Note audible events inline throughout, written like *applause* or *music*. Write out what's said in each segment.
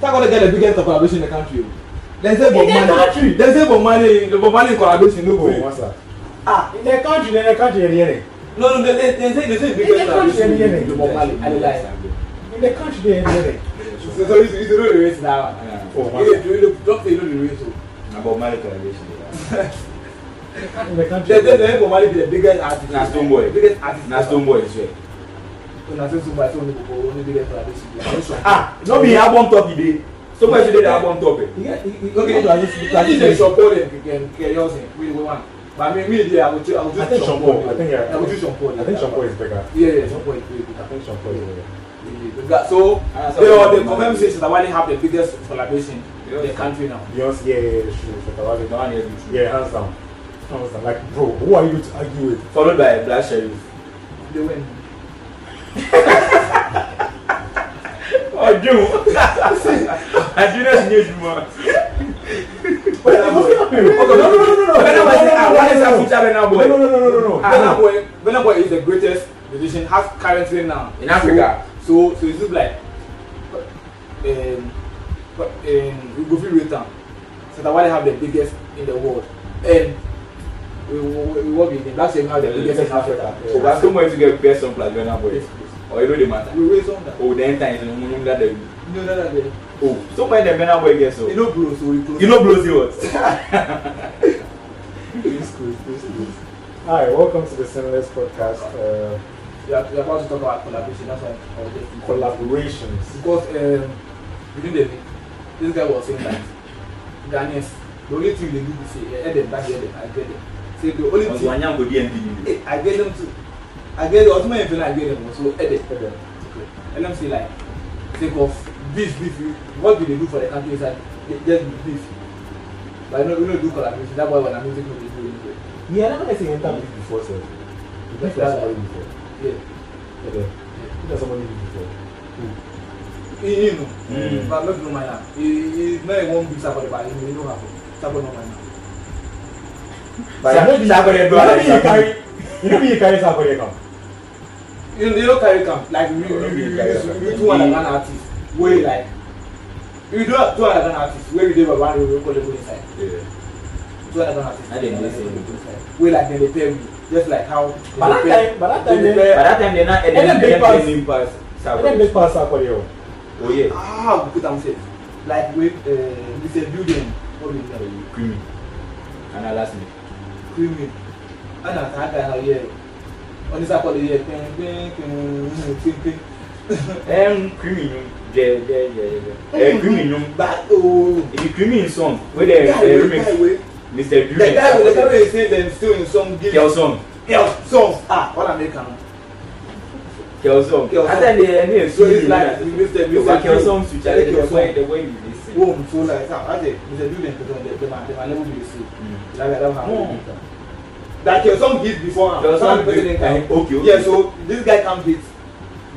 They're going to get the biggest collaboration in the country. Oh. They say Bob Mali. They say Bob Mali, The Bob Marley collaboration no go. Oh, ah, in the country, in the country, here. No, no, they, they say they say biggest collaboration in the country, in Bob Marley. I lie. In the country, here. So, so oh, you, don't know the race now. For Mali. you, you, you, doctor, you know the race. Na Bob Marley collaboration. in the country, they say Bob Mali be the biggest artist. Na Stone Boy. Biggest artist. Na Stone Boy, swear una fit two by two only go only dey there for adi cd i no sure. ah no be album top e dey so much dey the album top. Eh? okay you dey support curiosity wey wey one but i mean me dey i go choose i go choose sean paul i think i go choose sean paul i think sean paul is better. yeah yeah sean paul is way better. i think sean paul is better. So they all they confirm say Shatawale have the biggest collaboration in the country now. Yes, yeah, yeah, sure. Shatawale, no one is Yeah, hands down. Hands down. Like, bro, who are you to argue with? Followed by Black Sheriff. They win. Ojo, Ọdún Àdúrà sì ní ojúmọ́. Burna Boy is the greatest musician Has currently now in Africa. So, so it's like um, um, Gofi Rita. So that why they have the biggest in the world. And we, we, we, we, we, that's why we have the biggest in Africa. So, that's the way to get best on Burna Boy. Oh, you know the matter. We raise on that. Oh, then times is know that no no. know Oh, so when the men are boy so. You know blows, so we close. You know blows you what? Please close, please close. Hi, welcome to the seamless Podcast. Uh, we are, we are about to talk about collaboration. That's why I was just collaborations. Because um, within the this guy was saying that Ghanaians, the only thing they do is say, "Head eh, eh, them back, head I get them." Say the only thing. Eh, I get them too. I get it. Ultimately, if you like, get it. So, edit. Okay. And I'm saying, like, think of beef, beef. What do they do for the country is like, just beef. But I know, we don't do collaboration. that boy when I'm using people, we do it. Yeah, I'm not saying enter beef before, sir. Beef has somebody before. Yeah. Okay. Who does somebody before? Who? Hmm. You know. Mm. But make no mind now. It's not one beef somebody, but you know how. Somebody no mind now. But you know, you carry, you know, you carry somebody come. you do no carry am like you you you you you do one Ghana artist wey like you do have two one Ghana artist wey you dey for one room wey call them inside two one Ghana artist wey dey inside Where like dem dey pay me just like how But that time but that time but that time dem not. dem then pass dem pass sakwa dem make pass sakwa yẹ Oh yeah. ah we put am safe like with uh, this building what is that creamy and I last alasmi creamy and I that guy na here. onísàkọlẹ̀ yẹ pínpínpínpínpín. ẹ ń kírìmì nù jẹ jẹ jẹ jẹ ẹ kírìmì nù. bá o. if you kírìmì in song wey dem dem remix mr drew. the guy wey the guy wey say dem still in song give. kel song. kel song ah all american. kel song ata ni ẹni èso yìí náà ọba kel song switch ati the way the way you dey sing. wo n so like ati mr drew dem pẹtẹ dem dem alẹ wo bi dey sing. labẹ alamu ha wo bi dey sing that your son hit before am your son hit eh, okay, okay yeah so this guy come hit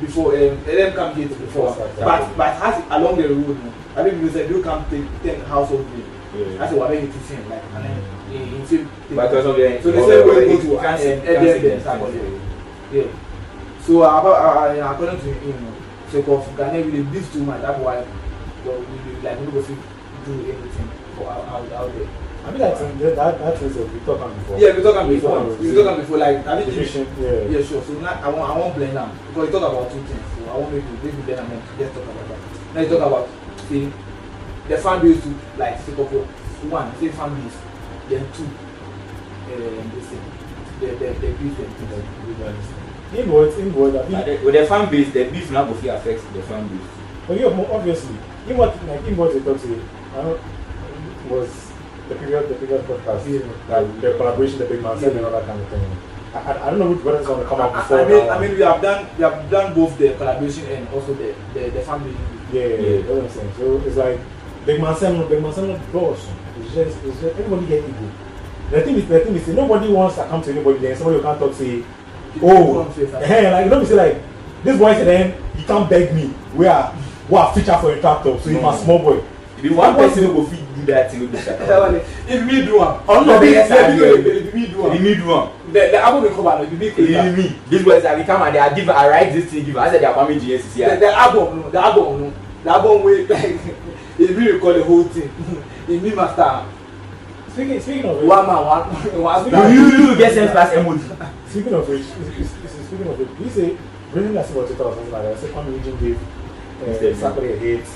before um, LM come hit before am but but as along the road I mean you said you come take ten household bill that's why we hit him like and then he he still take but of the so the same way go to um, Edem Edem yeah so uh, about uh, uh according to him sake of Ghana we dey beef too much that's why we like no go fit do anything before out, out, out there. I mean, that's, that, that is a, we talk on before. Yeah, we talk on before. We talk on before. Like, I mean, division, yeah. yeah, sure. So now I want, I want blend them because we talk about two things. So I want maybe, maybe then I'm going to talk about that. Now you talk about, see, the fan base to, like, think of one, say families, then two, um, this thing, the, the, the beef and things like that. In what, in what, with the fan base, the beef now will affect the fan base. But you obviously, in what, like, in what they talk to you, I don't. was the previous the previous podcast, yeah. like the collaboration, the big man, yeah. and all that kind of thing. I, I don't know which one is going to come up before. I mean, I mean, we have done we have done both the collaboration and also the the, the family. Yeah, yeah, yeah. that's what I'm saying. So it's like Big Man Sam, Big Man Sam, boss. It's just, it's just everybody get ego. The thing is, the thing is, nobody wants to come to anybody. Then somebody you can't talk say, oh, hey, like you do say like this boy said, then you can't beg me. We are we are feature for a tractor, so no. you're my small boy. If one person go fit do that thing wey be scatter. if me do am. ọ̀nà bí ẹsẹ̀ mi if me do am. if me do am. the the album dey come out if me play that. if me this boy sabi come and they are give i write this thing give i say they are farming gn cci. the the album no the album no the album wey *laughs* like if me record the whole thing *laughs* if me master am. speaking speaking of which. one man one *laughs* one star. you you get sense pass emoji. speaking of which speaking of which you say bringing that about two thousand naira say kwame eugene give. Uh, Sakure hate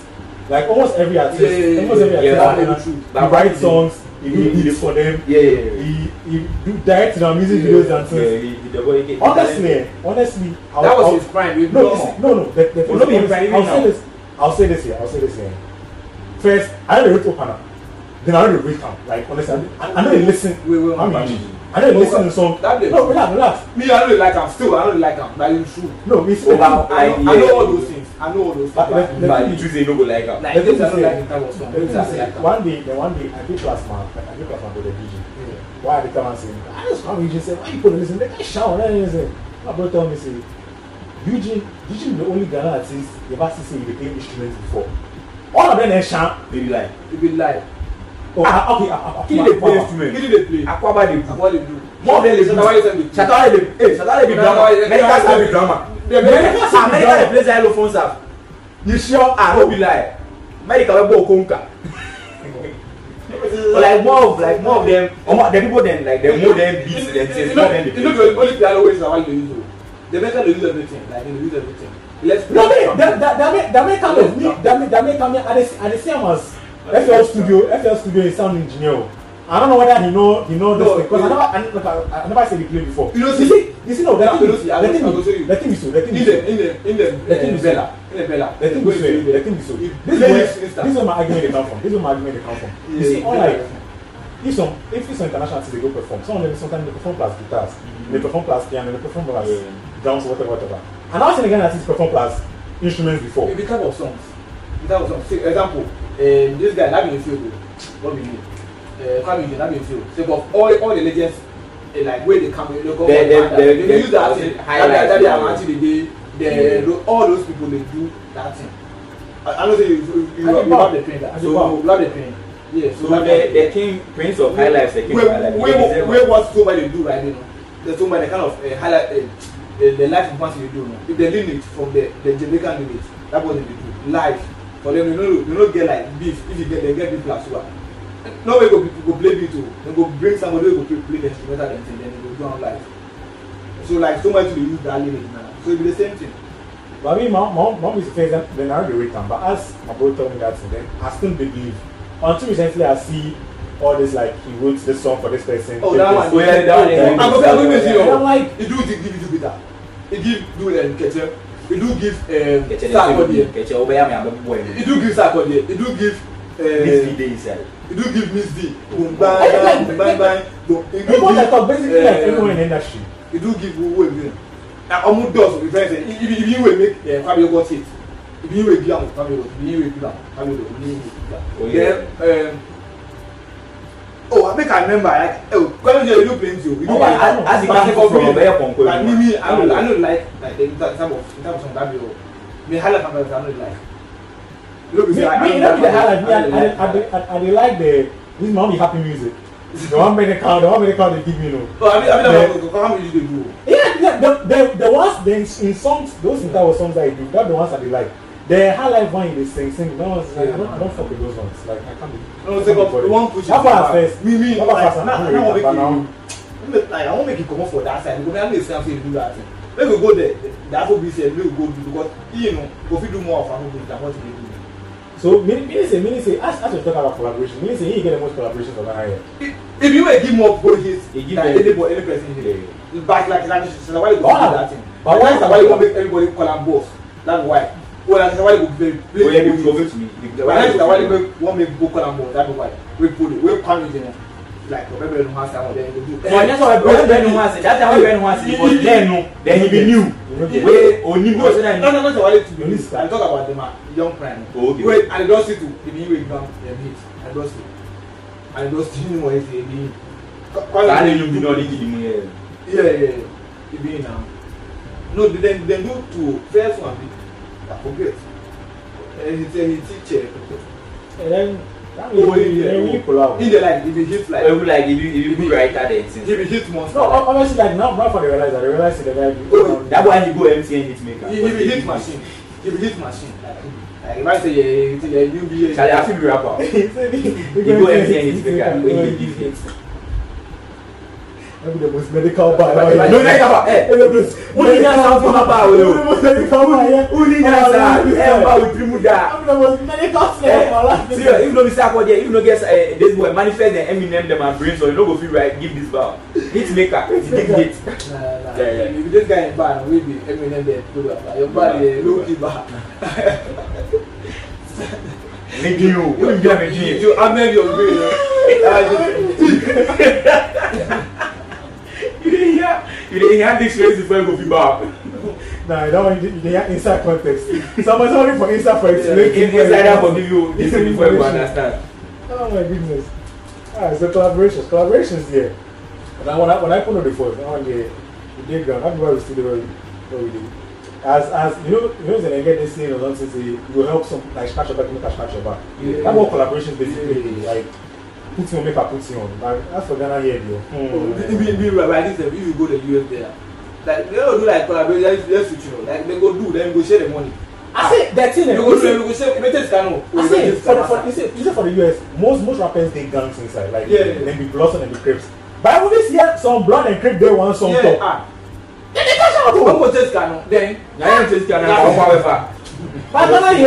like almost every artist yeah, yeah, yeah, almost every artist yeah, yeah, yeah, he write songs he do beats for them yeah, yeah, yeah. he he do direct their music yeah, videos and things yeah, honestly honestly I'll, that was I'll, his prime no no no no the, the thing is I'll now. say this I'll say this here I'll say this here first I don't the root opener then I know the break am like honestly I, I know they lis ten wait wait how many I know they lis ten to song no relax relax me I know they like am still I know they like am na you true no me still I know all those things I know those stuff. But, but, but choose a logo like that. Like this, I don't like it. That was one. day, the one day, I did class man. I did class man with the DJ. Yeah. Why did come and say? I just come and say, why you put this in? They can shout. and he say, my brother tell me say, DJ, DJ the only Ghana artist the ever see say you play instruments before. All of them they shout. They be like, they be like. Oh, ah, okay. Ah, ah, ah he did play instrument. He did play. Akwaba dey do. Akwaba dey do. More than they do. Shatawale dey. Shatawale dey. Shatawale dey drama. Many times dey drama. America dey play xylophone saf. You sure? Ah, no be lie. America wey gbọ́ okonka. *laughs* like more of like more of them omo the people dem like dem more dem beats dem things more than the people. you know the only piano wey sawa dey use o the American dey use everything like dem dey use everything. Let's. no me the American dey me the American dey i dey see am as FL studio FL studio is sound engineer o. Oh. I don't know whether he know he know this because I never I, never said he played before. You know, see, you see, no, the thing, see, the thing, him the thing so, the thing is so, in the in the in the thing Bella, in the Bella, Let thing is so, the thing is so. This is this is my argument they come from. This is my argument they come from. You see, unlike if some if some international artists they go perform, some of them sometimes they perform plus guitars, mm-hmm. they perform plus piano, they perform plus drums, whatever, whatever. And I've seen again artists perform plus instruments before. Maybe type of songs, type of songs. example, um, this guy, the field, what we need. uh, eh, family that mean feel say but all all the legends uh, like wey dey come local they, they, they, they, they use that thing that that their aunty dey dey dey all those people dey do that thing i know say you you you love the pain so you love the pain Yes. so the the king prince of high life the king of high life wey wey what somebody dey do right now the somebody kind of uh, the life of the, the life do now if they lean from the the jamaican village that was the people life for them you no you no get like beef if you get they get beef plus sugar no way go go play beat o dem go bring somebody wey go play play the instrumental dem thing then dem go do am live so like so much we use that limit now so e be the same thing. But I mean, my, my, my mom is saying that then I'll be waiting. But as my bro told me that, then I still believe. Until recently, I see all this like he wrote this song for this person. Oh, that one, yeah, that one. Yeah. I'm going to you. Oh. I'm like, it do give give it to Peter. It give do and catch him. It do give um, Sarkodie. It do give Sarkodie. It do give. This video inside. you do give me the ogbanga ogbanga no you do give eh, people basically like everyone in the industry you do give owó èmi na ọmú dọ̀s ibi fẹ́ sẹ́ ibi ibi ìwé mi fábíyé wọ́n ti ibi ìwé bí àwọn fábíyé wọ́n ibi ìwé bí àwọn fábíyé wọ́n ibi ìwé bí àwọn. oh make i remember like oh kwelu jẹ ilu plenty o ilu plenty as in kasi for me like me me i no i no like like the type of the type of song that be o me hala family i no like. Look, know, me, say, me, you know, the highlight, me, I dey like the, this mama be happy music. the one wey dey count the one wey dey count dey give me no. no oh, i mean i mean how many you dey do. yeah yeah the the the ones the in songs those in taiwo songs i do that the ones i dey like the highlight one in the same thing. No one i don't i don fuck with those ones like i can't be. no say but we wan push it back first we we like na na na make like i won't make you comot for that side because i no dey see am you do that thing make we go there the afrobeat sef make we go do because you know go fit do more of afrobeat than what you dey So, Minister, Minister, as, as you talk about collaboration, Minister, he get the most collaboration from Ghana here. If you were give more bodies give any, any person here, but like, like, that's why you go do that thing. But why is that? why you want make everybody collabos. That's why. Well, that's why you go play. Well, yeah, you go to me. That's why you want make go collabos. That's why. We put it, we pound it in like ọbẹ bẹrẹ nu wa se àwọn ọbẹ yẹn lójú. ọ̀nẹ́sọ̀rọ̀ bẹrẹ bẹrẹ nu wa se dáadáa wọn bẹrẹ nu wa se. then he be new wey oni no say na no no say wale tube i talk about dem ah young prime okay wey i dey don see to ebi wey gbam dem hit i lost it. i don see him wey say ebi saa ni yun bi na ọdi gidi mu yẹ. yeah yeah ebi now. no dem dem do to first one be i forget ehiti ehiti chair yeah, you Nobody here. He dey like if he hit like. Ewu like if he if he writer then since. If he hit monster. No honestly like now now for the realize I realize say the guy be. Oh, that boy he go MTN hit maker. If he hit machine. If he hit machine. Like if I say yeah, you be. Charlie I fit be rapper. *laughs* He go MTN hit maker when he hit hit. Maybe the most medical bar. No, no, no, no. Eh, who did that sound from bar? Who the most medical bar? Who did that sound? Eh, bar with primo da. I'm the most medical player. Eh, eh, Serious, even though we start there, even though guess uh, this boy manifest and Eminem them and brain, so you no go feel right. Give this bar. Hit maker, big hit. Nah, nah. Yeah, yeah. If this guy bar, we be Eminem there too. Your bar, low key bar. Thank you. What you doing? You, I'm not your green. *laughs* *laughs* *laughs* you didn't have experience before you go be back. Nah, I don't want you. have inside context. Someone's only for inside for explaining. Yeah, inside for give This is before you understand. Oh my goodness. Ah, it's the collaborations. Collaborations there. And I, when I when I put it before, phone on the the playground, that's why we still do what we do. As as you know, you know, when I get this thing or something, you will help some like scratch your back, you know, scratch your back. Yeah. That's what collaborations basically yeah. like. put on, make put on. But for Ghana here, though. Mm. Oh, if, if, if, you go the US there, like, they don't do like collaboration, let's switch, you know. Like, they go do, then go share the money. I say that thing. You go share, you go share. Make this canoe. I say for the for you say you say for the US, most most rappers they gangs inside, like yeah, be blossom and be But I see some blood and they want some top. Ah. Then they out. Don't Then,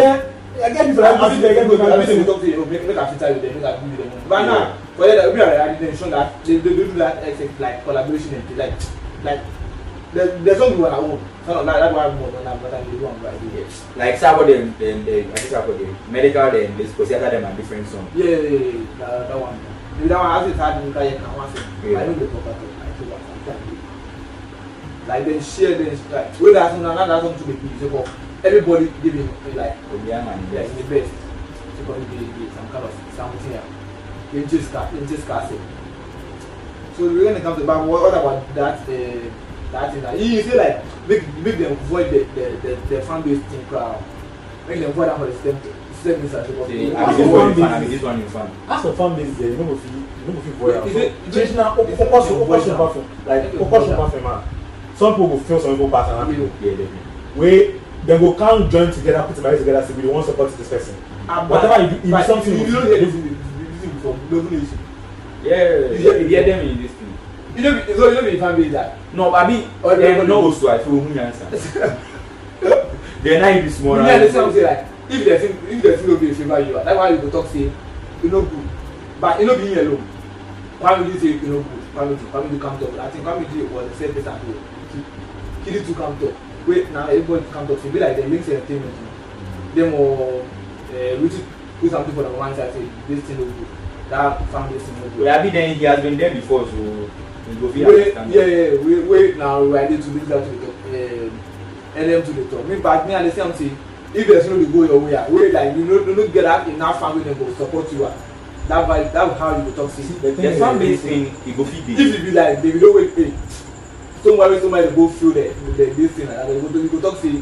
But I get people. for that. I get you. I mean, talk to you. Make make a feature with them. Make a video with them. But now, for that, we are already they show that they they do like collaboration and like like. There's, only one I own. So no, that's why I'm more than I'm not one right here. Like Sabo, them then, then, I think Sabo, medical, then, this, because them are different songs. Yeah, yeah, yeah, yeah. That, that one. If that one has it hard, you can't I know the proper thing. I think that's Like, then share, then, like, wait, that's another song to be musical. everybody giving be like yeah, ni yes the best to come be the some kind of something else you just start you just start say so when it come to bank what about that uh, that thing na you say like make make them avoid the the the, the fan base thing crowd make them avoid that for the system system is as suppose to as a fan base as a fan base as a fan base there no go fit no go fit void am change na okoso okoso bafem like okoso bafem ah some people go feel some people pass and happy wey dem go come join together put money together say we dey wan support this person ah, whatever you do if something you don hear this thing before you no know it yeah you hear them in this thing you know be so you know be fan base ah no abi dem eh, no go so i feel who yan sa dem na you be small right you understand say like if dem feel if dem feel no be a favour you ah that's why you go talk say You no good but you no be you alone kwamidi say you no good family kwamidi calm down i think family kwamidi was the same person who kiri too calm down wey na everybody come talk say be like dem make say entertainment o dem or wetin put something for number one side say this thing no good that family thing no good. abi then he has been there before so he go fit understand. wey yeah yeah wey wey na i dey to lis that to the talk eh, nm to the talk me back me i dey say am if person no dey go your way ah wey like you no you no get that enough family dem go support you ah that value that how you go talk say. the thing is the fan base thing e go fit be. if e be like dem no wait pay somewhere somewhere you go feel the the this thing and you go you go talk say.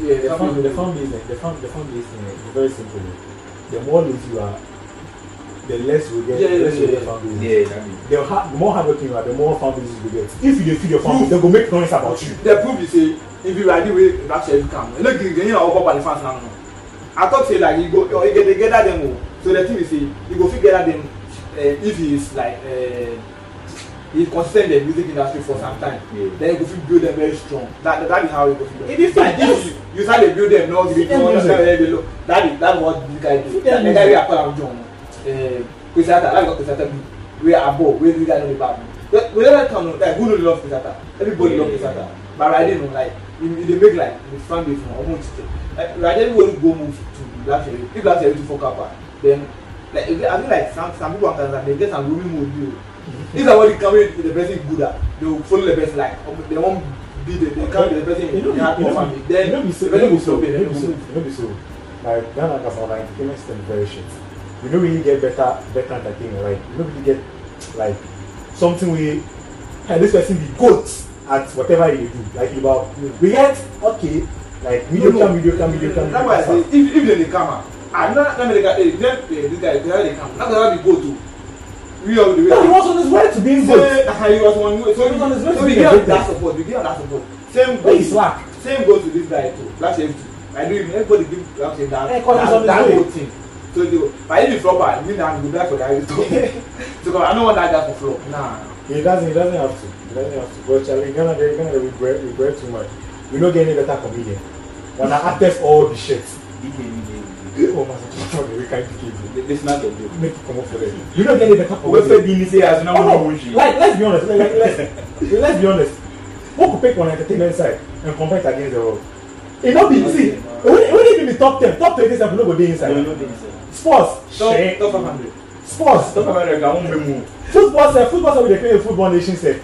Yeah, the farm the farm business the farm the farm business very simple the more loose you are the less you get yeah, the less yeah, you get farm business yeah, exactly. the, hard, more hardworking you are the more farm business you get if you dey feed your farm they go make noise about you. the proof be say if you ready wey black sheriff come you know gidi gidi na all papa the fans now i talk say like you go you go dey gather them o oh. so the thing be say you go fit gather them uh, if he is like. Uh, he concern the music industry for some time yeah. then you go fit build them very strong that that is how you go fit build them if you you start dey build them now you go understand where they low that is that is what the guy do that guy wey akpala john kwesata eh, that is what kwesata be wey abo wey the guy no dey bad we don like am like who no dey love kwesata everybody love kwesata but rade no like e dey make like the fan base na omo tete like rade wey go move to blackberry if blackberry too fok up ah, then like i feel like some some people are and some they get some loamy mood deal. These are what you carry the person good at. They will follow the best like um, They won't be the, they come be the person in their own family. Then the person will stop it. It will be so. Like, Ghana has our entertainment system very shit. We don't really get better, better entertainment, right? We don't really get, like, something we, hey, this person be goat at whatever you do. Like, you about, we get, okay, like, video no, cam, video cam, video cam. That's why I say, if, if they come out, I'm ah, not, let me look at, hey, this guy, they come. That's why we go to real with the real. No, he was on his way to being good. Uh, so, he was on his way. So, he was on his way to being good. So, we get that support. We get that support. Same goal. He's slack. Same goes to this guy too. That's him too. I do even everybody give that that that, that whole thing. So they but if you flop I mean I'm good for that *laughs* so I don't want that guy for flop. Nah. He doesn't he doesn't have to. He doesn't have to. But Charlie Ghana they're gonna regret regret too much. We don't get any better comedian. I act all the shit you comot for there. you get any better promotion. wey fẹ́ bí like let's be honest like let's let's be honest who could pick one entertainment side and compete against the world. It not be easy. Only e be the top ten top twenty seven no go be inside. no no dey inside. sports. top top five hundred. sports. top five hundred ga wan memu. football sef football sef we declare a football nation sef.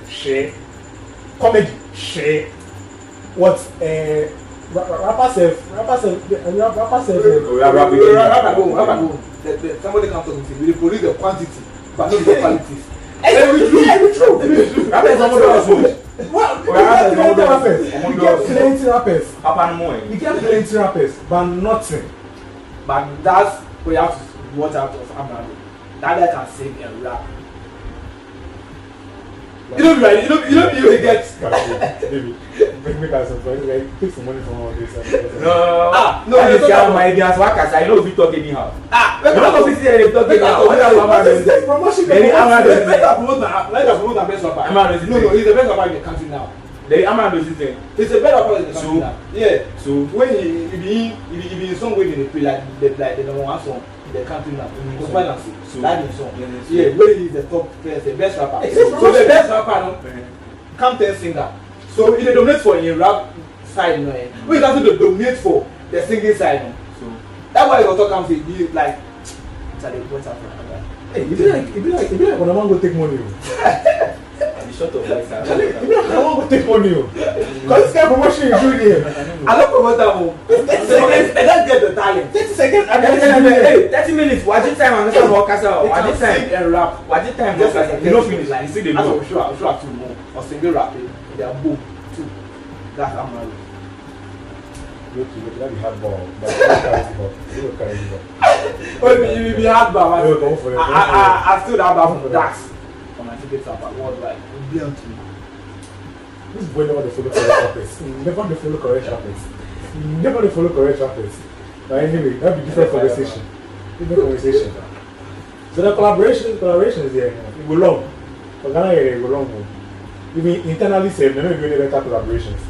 comedy. what. Uh, rapper self rapper self and your rapper self. rapper go rapper go rapper go somebody come talk with me we dey police the quantity but no the quality. every true every true rapper is omodo ọsùn. we get plenty rappers we get plenty rappers but nothing. but that's where you have to watch out of amadu that guy can sing and rap you don't be right you don't you don't be you dey get. maybe make make i surprise like take some money from all this. no ah no you dey get my ideas wakas i no fit talk anyhow. ah you no go fit say i dey talk anyhow why you hammer dem there any hammer promote na let promote na best wrapper. no no he's the best wrapper in the country now the amount of thing. It's a better person. So yeah. So when he be you if you in some way they play like they play the number one song the country now. It's balance. So that is song. Yeah. yeah. When he is the top player, the best rapper. So the best rapper no. Eh. Come ten singer. So he they dominate for in rap side no. When it has to dominate for the singing side no. So that why you talk and say you like. Charlie, what's up? Hey, it be like it be like it be like when a man go take money. Oh. *laughs* Shut up, like that. I won't take money? Because this guy from Washington is doing here. I don't promote that one. 30 seconds, and let's get the talent. 30 seconds, Hey, let's 30 minutes, watch it time, and let's walk us out. Watch it time, and rap. time, just like you know, finish. Like, you see the move. I'm sure, I'm sure I have two more. Or single rapping, they are boom, two. That's how I'm Wait, wait, let me have ball. But you carry ball. You carry ball. Wait, you will be hard ball. I, I, I, I still have ball from Dax. And I think it's about worldwide. be out to you. This boy never the follow correct rappers. Never the follow correct rappers. Never the follow correct rappers. But anyway, that would be different conversation. Different conversation. So the collaboration collaboration is there. It will long. For Ghana, it will long. Even internally, say, we don't do any better collaborations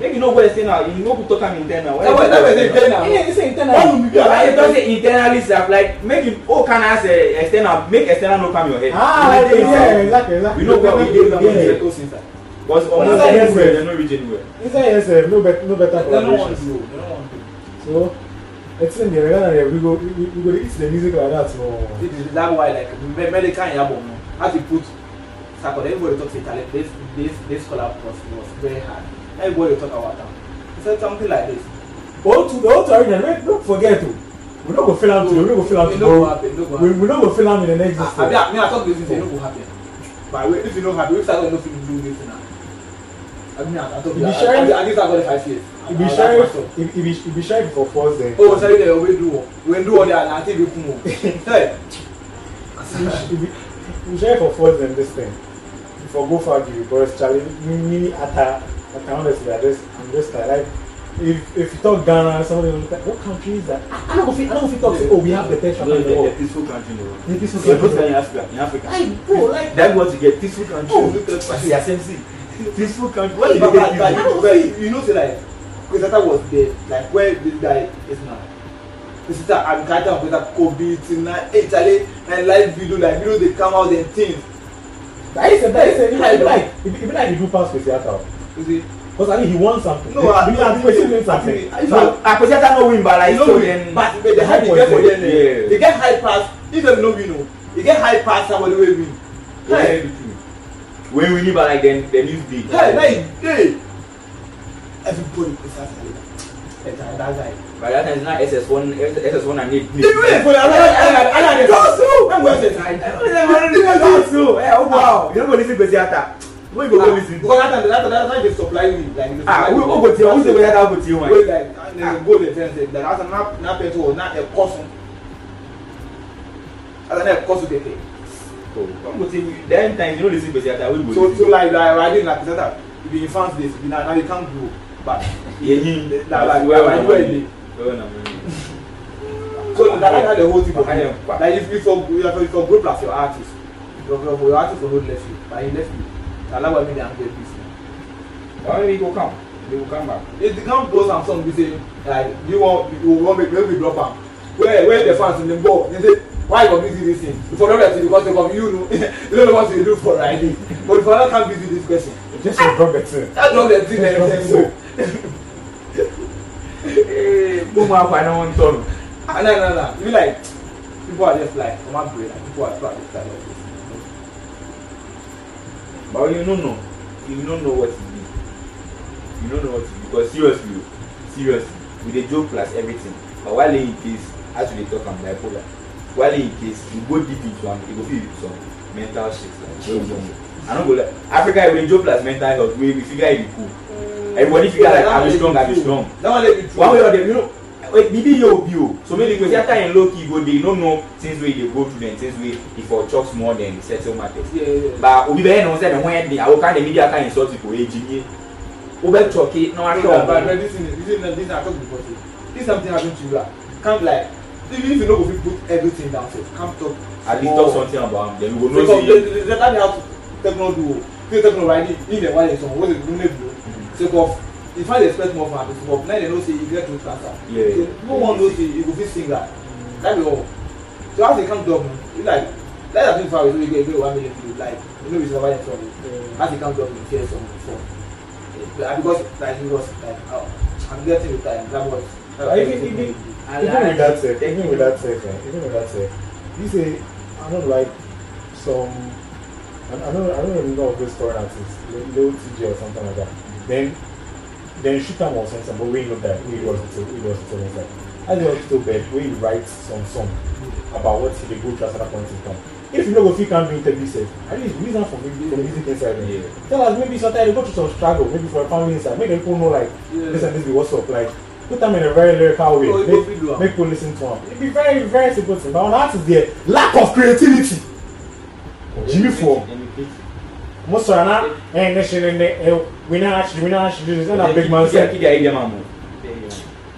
make you know where internal you know, go talk am internal. that way that way internal. yeah you say internal. one will be I don't say internally stuff like make you oh can I say eh, external make external no calm your head. ah like this yeah exactly exactly. We know where we dey now we dey go since that. but omo for elsewhere dem no reach anywhere. inside elsewhere no better no better collaboration. so extend the regard and we go we, we go eat the music like that or. this is that why like medical yabo no how to put sakode everybody talk say talent this this this collab was was very hard. everybody talk about am he said something like this but otu the otu origin wey no forget o we no go fill am today we no go fail am tomorrow we we no go fill am in the next day. abi me i talk to you say e no go happen by the way if you no happy if sago no fit do this na abi me i talk to you i i give sago the five years. e be sheriff If if e be sheriff for force dem. o sẹ́yìn dẹ̀ wey do We do all that until we come. kún o. e be sheriff for force dem dis time e go far give because challenge mini ata I can honestly, I just, I'm just like, if if you talk Ghana, somebody will look what country is that? I don't fit, I don't fit talk. Yeah. Oh, we have the best no, country in the world. Peaceful country No, peaceful country. Yeah, in Africa, in Africa. I, bro, like that's what you get. Peaceful country. Oh, look at SMC. Peaceful country. What you get? Like, but, you know, say like, Kwesata was there. Like where this guy is now. Kwesata, I'm Kata, Kwesata, Covid, Tina, Italy, and live video, like videos they come out and things. That is a, that is a, like, be like, it be like the group pass Kwesata. Because I mean, he won something. No, I, I, I, person win something. I, I, no, Akoseta no win, but like, no so then, but the hype you get for them, yeah. they get high pass. If them no win, they get high pass. Somebody will win. Yeah. When we need, but like then, then you big. Hey, hey, hey! Everybody is asking. That guy. By that time, it's not SS1, SS1 and need. Did you wait for life. I don't know. Go through! I'm going to say, I don't know. Go through! *laughs* Oh, wow! You don't go listen to Besiata wey go go lis ten. because that time that time that time dey supply me like. ah wey o go tiẹ o ṣe bẹyà dáàbò tiẹ wọn. wey like ah go dey tell them that as na na petrol na ẹ kọsùn as na ẹ kọsùn tètè. o go tiẹ den time you no lis ten gbèsè ata wey go lis ten. so so like like i dey na presenter e be in france dey be na na we can grow but. yeyin na like where where where dey. *laughs* so that that that the whole thing go happen like if you for you for group as your artist your your artist for no left you na you left you. Alawa me dey am peace. Why we go come? They will come back. If the camp goes and some be say like you want, you want make make we drop am. Where where the fans in the ball? They say why you go busy this thing? For no reason because they come you know *laughs* you don't know what you do for riding. But if Alawa can't busy this person. Just drop the thing. drop the thing and then go. Gbogbo akwa ẹ̀ náà I want to. Ah, no, no, no. You like, people are just like, I'm not great. people are just like this kind of But you don't know. You don't know what to do. You don't know what to do. Because seriously, seriously, we a joke plus everything. But while in case, as we talk, I'm bipolar. While in case, you go deep into am, you go be some mental shit. Like, no, no, no. I don't go like Africa with a joke plus mental health. We, we figure it cool. Mm. Everybody figure like, I be strong, I be strong. That one let me One way or the other, you know. Maybe you bi o so maybe because after him low key go dey no know things wey dey go through dem things wey e for chop small dem settle matter but obi bẹ́ẹ̀ náà sẹ́ni wọ́n ẹ̀ dẹ̀ àwọn kan dey media kan insult for eji yé o bẹ tọ́kì náà wá tọ́ But this is is this I something happen to you la calm like even if you no go fit put everything down sef calm talk. at least talk something about am then you go know say. because that dey how techno technology o. if you techno right if dem wan dey song wey dey do no dey sake of you to expect more from artist work now they know say you get throat cancer yeah, so no one knows say you go be sing that that be all so as they come me, you like let that thing far away so you get you get one million views like you know we survive in trouble yeah. as they come talk you hear some before yeah, because like was like oh, I'm getting with time that was even, with that set eh, even with that set even with that set you say I don't like some I, I don't I don't remember of those foreign artists Lil TJ or something like that then then she was also something, but we know that we was to we was to I as he was to bed, we write some song about what the good through at that point in time. If you know if you can't do I safe, at least reason for me for music inside. Yeah. Tell us maybe sometimes they go through some struggle, maybe for a family inside, make people know like yeah. this and this be what's up like put them in a very lyrical way. No, oh, make, make people listen to them. It'd be very, very simple thing. But on artists there, lack of creativity. G form. most of na eh ne shi ne eh, we na actually we na actually this na big man say kidi idea mamu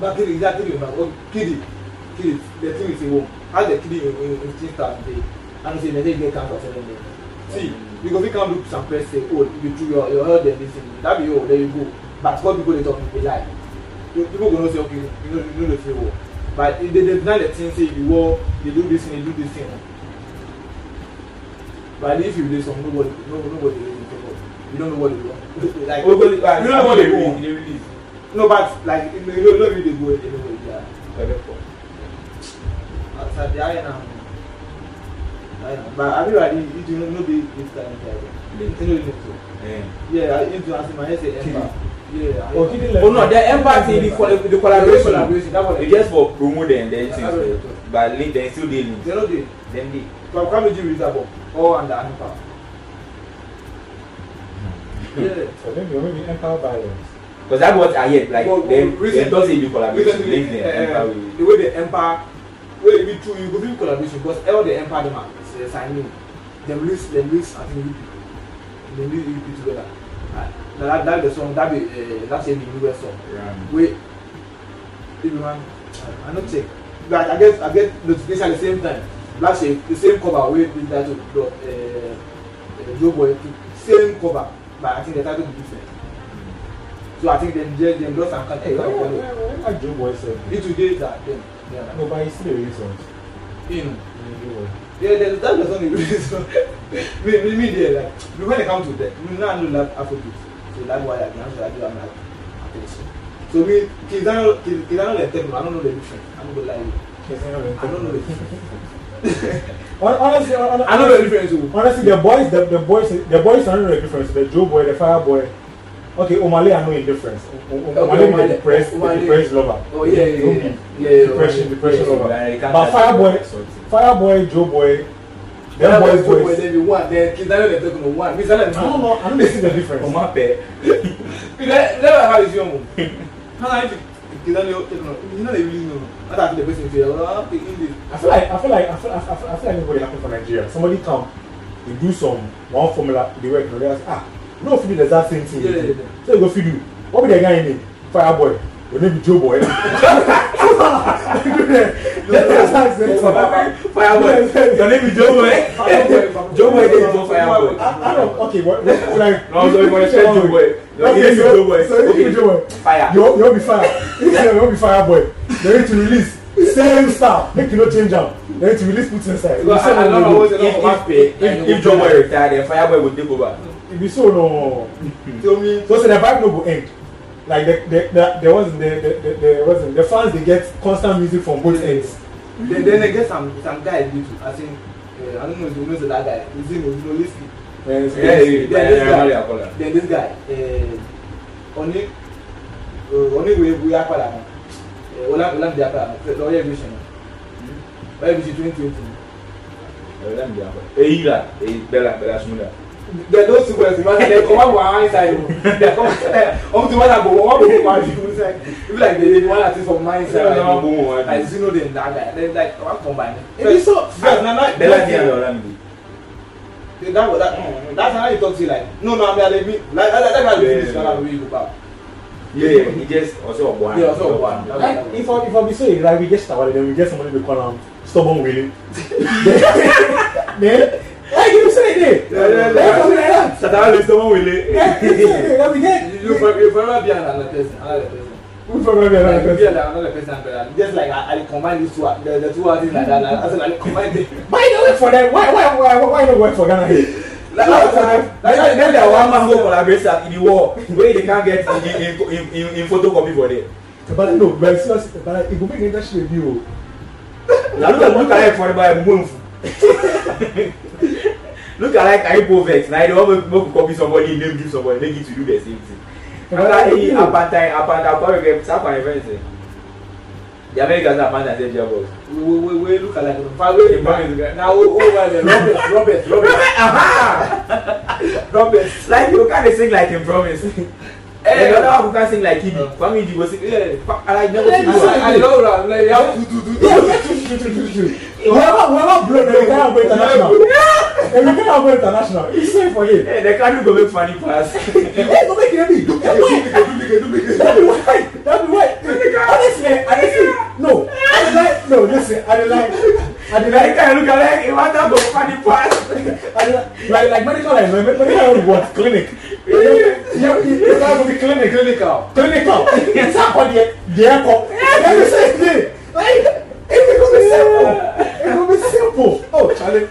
but kidi that kidi na o kidi kidi the thing is wo oh, how the kidi in in things that dey and say they get cancer for them see because we come look some person say oh you do your your health and this thing that be oh there you go but what people they talk dey lie people go know say okay you know, you know dey feel oh, but they dey deny the thing say you war oh, they do this thing they do this thing oh, But if you release some nobody no nobody really talk about. You don't know what they want. *laughs* like you don't know what they want. They release. No, but like you don't know where they go anyway. Yeah. Outside the iron now. But have uh, um, you already you do not know the this kind of guy? Yeah, you do ask my head say empathy. Yeah. Oh, oh, no, the empathy, the, the collaboration, collaboration. That's what just for promote and then things but late dem still dey late. dem no dey dem dey. but kwame ji read that book all under anpa. so maybe or maybe empower violence. because that's what i hear like but, dem dem talk say e be collaboration blame eh, dem eh, empower wey. the way dem empower wey e be true you go fit collaboration because all the empower dem are signing dem lose dem lose i think dem lose e be together na ah, that that the song that be uh, that say the newest song. Yeah. wey if you wan i no check like i get i get notification at the same time last year the same cover wey bin title dot uh, joe boy pick same cover but i think the title be different so i think dem just dem just am catch up on it. joe boy sef. it too dey that dem. Yeah. no but he still dey reason. him. yeah there's that was only reason *laughs* me me me dey like when they come to that we now know no like afrobeat so that's why i dey answer that i do am like so. So me Kizano Kizano Lenteno I don't know the difference I'm not gonna lie you I don't know the difference honestly, honestly, I know the difference. Honestly, the boys, the, the boys, the boys are know the difference. The Joe boy, the fire boy. Okay, Omale, I know the difference. Omale is the depressed, the depressed lover. Oh yeah, yeah, yeah. yeah depression, depression lover. But fire boy, fire boy, Joe boy. Them boys, boys. boys. They be one. They Kizana they talking about one. Kizana. No, no, I don't see the difference. Omape. That that how is your move how do they don't know they don't really know how to the person feel how to in the. I feel like I feel like I feel, I feel, I feel like everybody happen for Nigeria somebody come they do some one formula they work and they ask ah you no fit do that same thing yeah, yeah, yeah. so you go feed do what be the guy name Boy? your name be joe boy. *laughs* *laughs* Fireboy. Your name is Joeboy. Joeboy is your Fireboy. I don't. Okay, what? Like. No, I'm sorry, but I said Joeboy. Your name is Joeboy. So your name is Joeboy. Fire. You'll you'll be fire. You'll be fire boy. They need to release same style. Make you no change up. They need to release put inside. Well, I, I don't know what's enough. If if if, if Joeboy retired, then Fireboy would take over. If be so no. Tell me. So say the vibe no go end like the, the, the, there wasn't the, the, the, the, wasn't the fans they get constant music from both ends. then, then they get some some guy do too. I think uh, I don't know if you know that guy. His name is Noliski. Then this guy, uh, Oni, uh, only we we are para. Uh, Olam Olam dia para. The uh, Oye Vision. Oye Vision twenty twenty. Olam dia para. Eyi la, eyi bella bella sumula there are those two boys because they come out from eh, inside you know they come up to one that go one go one you inside you be like they dey one artist from my inside you know like zero dem that guy they like one combine. ebi so bella di ala ola mi. that was that mm, that's how you talk to you like no no ami alebi like that that guy dey finish gala wey you go back. Yeah, yeah, he just also one. Yeah, also one. Like, if I if I be so irate, we just started, then we get somebody to call him stubborn willing. *laughs* then wele. Ẹ kọ wele la. Satana le sọmọ wele. Ẹ ẹ bi kẹ. Yunifọlọ bi a la la tẹ san ala la tẹ san. Yunifọlọ bi a la la tẹ san. Bi a la ala la tẹ san bẹẹ la. Just like ali command the two the the two houses like that la. As in ali command the. *laughs* Why you no work for them? Why why why why you no work for Ghana here? last time last time dem dey one man go collaborate at the war wey they can get in in in in, in photocopy for there. tẹ̀bálẹ̀ no bẹ̀rẹ̀ sí ọ̀sẹ̀ tẹ̀bálẹ̀ ìbò bí nìkan ṣe bí o. làlùkà ló kàlẹ̀ fọ́nrẹ́ báyìí mú èfù look at like igbo vex na they wan make we copy somebody name give somebody make it to do the same thing after he apanta apanta akwarege sapa and friends eh the americans na apanta sef their boss we we we look alike na fa wey the man is na o o wa there robert robert robert *laughs* uh-huh. robert like you kind of sing like him promise. *laughs* ẹ̀rọ náà kò ká sing like ibi mm. fami ibi go sing ala ìjọba ti bọ̀ ala ìjọba wura ala ìyàwó tututututututu. wọ́n bá blow dem kind of go international dem kind of go international e say for here. ẹ dẹ kanu go make funny pass. ẹ *laughs* eh, go make ready. Eh, that be why that be why honestly i dey see no i dey like no listen i dey like. I dey like kind look at like e wan dat go funny pass. I dey like like medical like medical like what clinic you guys will be klinik clinical clinical it's happening there come let me say it again like. It will be simple. It will be simple. Oh, Charlie.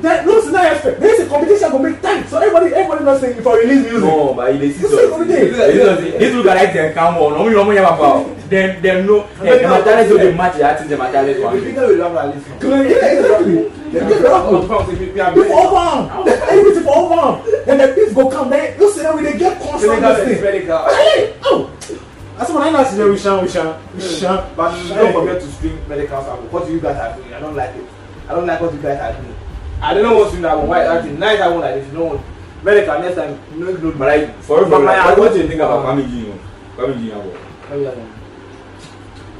That no scenario aspect. There is a competition to make time. So everybody, everybody not saying if I release music. No, oh, but it is so. This look like them come on. No, we don't have Then, then no. The materials is the match. I think the materials. matter is one. We know we love that list. Yeah, exactly. If over, everything for over, then the peace go come. Then you see that we dey get constant. Hey, oh. That's what I know today, we shall, we shall, we shall. But don't forget to stream medical sample. What you guys are doing? I don't like it. I don't like what you guys are doing. I don't know what's in that one. Why actually nice I won't like this, No one, Medical next time, No. know, include but I for but my, what do you think about Kwame Jinyo? Kwame Jinyo.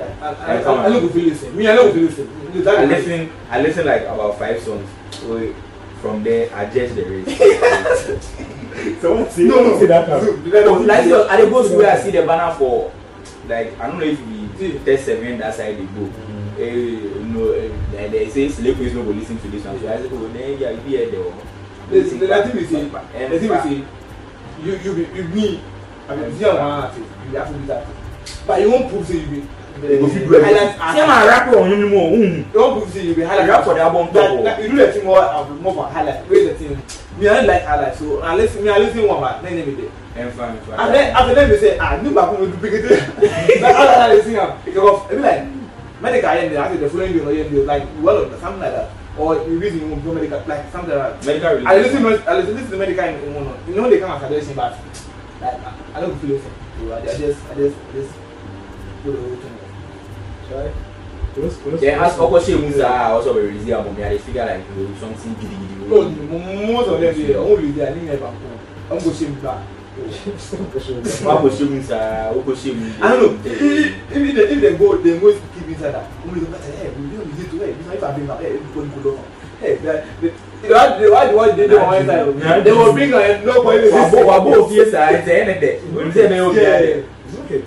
I, I, I, I look feel listen. Me, I look feel listen. I listen. I listen like about five songs. So from there, I judge the rest. *laughs* so what say no, no. say that now. no like i go to where i see the banner for like i no know if we hmm. test seven that side dey go. Mm. Hey, eh, no, eh, like they say slave ways no go lis ten to this one so i say oh then yeah you be here there the thing we see, the thing we see, you you you me i be see am one artist you be afrobeat artist but you won't prove say you be sẹ́mà rápò ọ̀hún ni mo ò hùn. you oh, oh. wan prove say you be highlight. rápò dà bọ̀ ń tọ̀ bọ̀. you do the thing more of more for highlight wey the thing me I like her life so I listen me I listen one man then me dey. And then after then they say ah new back home do big it. *laughs* But all that I listen am because I be like medical yen dey after the following day or yen dey like well or something like that or you reason you go medical like something like that. Medical related. I listen I listen listen to medical in one one you know they come as suggestion but like I no go feel it. So I just I just I just do the whole thing. Sorry. Then as of course she moves I also very easy about me. I figure like you know, something giddy giddy. No, most of them they only they are living in Bangkok. I'm going to shame back. Why go shame inside? Why go shame? I don't know. If if they, if they go, they go keep inside that. Only they go hey, we don't need to hey. This if I bring up hey, everybody go down. Hey, they they why they why they they want inside? They will bring like nobody. Wabo wabo fiesta. It's anything. We say no. It's okay.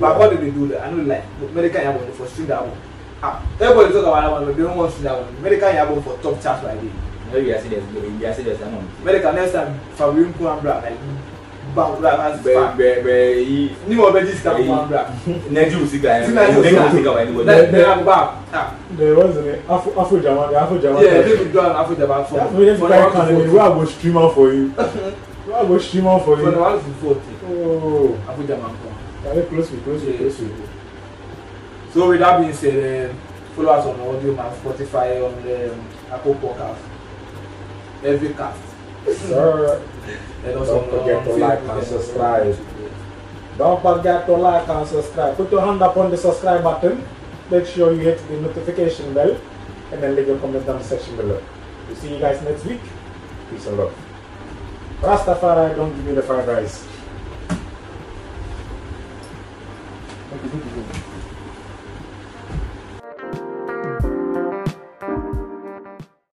But what did they do? there? I know like American Yabon for stream that one. Ah, everybody talk about that one, but they don't want stream that one. American Yabon for top charge like this. No, you are serious. You are serious. I know. American next time, Fabian Kuambra like bank black as be be. bẹ́ẹ̀ yìí. Ní mo bẹ jí sika Kuambra. Nẹ́jú sika yẹn. Sika yẹn sika. Nẹ́jú sika wà ní wọlé. Bẹ́ẹ̀ bá bá. There was an Afro Afro Jama the Afro Jama. Yeah, people do an Afro Jama for. Afro Jama for now. Where I go stream out for you. Where I go stream out for you. For now, I go vote. Oh. Afro Jama. close to, close to, So with that being said, um, follow us on audio man, Spotify, on um, Apple Podcast, every cast. Sir, and also don't forget on, to like and subscribe. Don't forget to like and subscribe. Put your hand up on the subscribe button. Make sure you hit the notification bell, and then leave your comments down the section below. We'll see you guys next week. Peace and love. Rastafari, don't give me the fried rice.